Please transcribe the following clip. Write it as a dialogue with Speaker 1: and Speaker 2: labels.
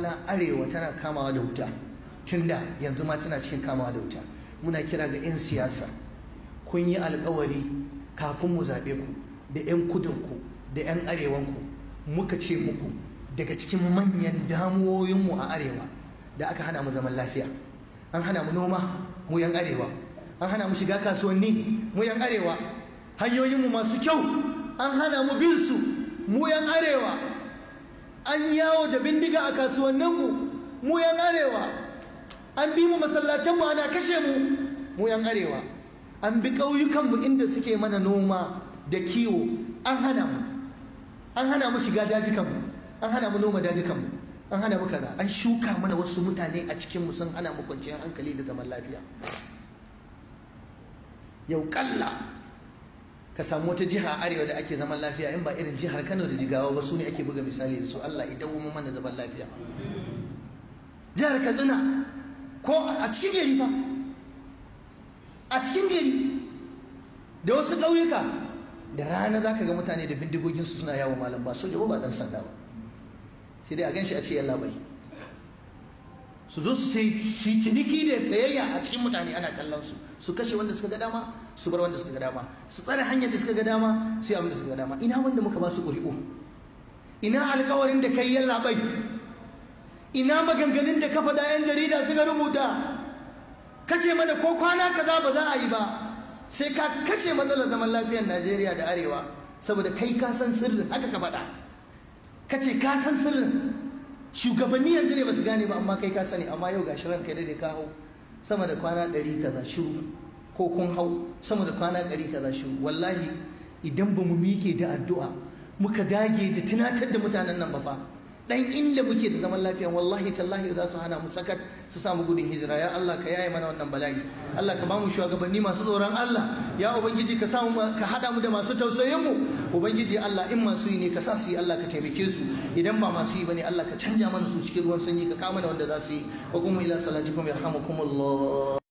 Speaker 1: na arewa tana kamawa da wuta tunda yanzu ma tana cikin kamawa da wuta muna kira ga 'yan siyasa kun yi alkawari kafin mu zaɓe ku da 'yan kudinku da 'yan arewanku muka ce muku daga cikin manyan damuwoyinmu a arewa da aka hana mu zaman lafiya an hana mu noma mu 'yan arewa an hana mu shiga kasuwanni mu 'yan arewa hanyoyinmu masu kyau an hana mu bin su mu 'yan arewa an yawo da bindiga a kasuwanninmu mu yan arewa an bi mu masallatanmu ana kashe mu mu yan arewa an bi ƙauyukanmu inda suke mana noma da kiwo an hana mu an hana mu shiga dajikanmu an hana mu noma dajikanmu an hana mu kaza an shuka mana wasu mutane a cikinmu sun hana mu kwanciyar hankali da zaman lafiya yau kalla ka samu wata jiha a arewa da ake zaman lafiya in ba irin jihar Kano da Jigawa ba su ne ake buga misali da su Allah idan kuma mana zaman lafiya jihar Kaduna ko a cikin gari ba a cikin gari da wasu ƙauyuka da rana za ka ga mutane da bindigoginsu suna yawon malam ba soja ba ba ɗan sanda ba sai dai a ganshi a ce yalla bai su zo su yi ciniki da tsayayya a cikin mutane ana kallon su su kashe wanda suka ga dama su bar wanda suka ga dama su tsare hanyar da suka ga dama su yi abin da suka ga dama ina wanda muka ba su ƙuri'u ina alkawarin da kai yalla bai ina maganganun da kafa da 'yan jarida suka rubuta kace mana ko kwana kaza ba za a yi ba sai ka kashe matsalar zaman lafiyar Najeriya da Arewa saboda kai ka san sirrin haka ka faɗa kace ka san sirrin shugabanni yanzu ne ba su gane ba amma kai ka sani amma yau gashi ranka da ka hau sama da kwana ɗari kaza shiru ko kun hau sama da kwana ɗari kaza shiru wallahi idan ba mu miƙe da addu'a muka dage da tunatar da mutanen nan ba fa dan inda muke da zaman lafiya wallahi tallahi za su hana mu sakat su samu gudun hijira ya Allah ka yaye mana wannan bala'i Allah ka ba mu shugabanni masu tsoron Allah ya ubangiji ka samu ka hada mu da masu tausayin mu ubangiji Allah in masu yi ne ka sa su yi Allah ka taimake su idan ba masu yi bane Allah ka canja mana su cikin ruwan sanyi ka kama da wanda za su yi wa kuma ila salatikum yarhamukumullah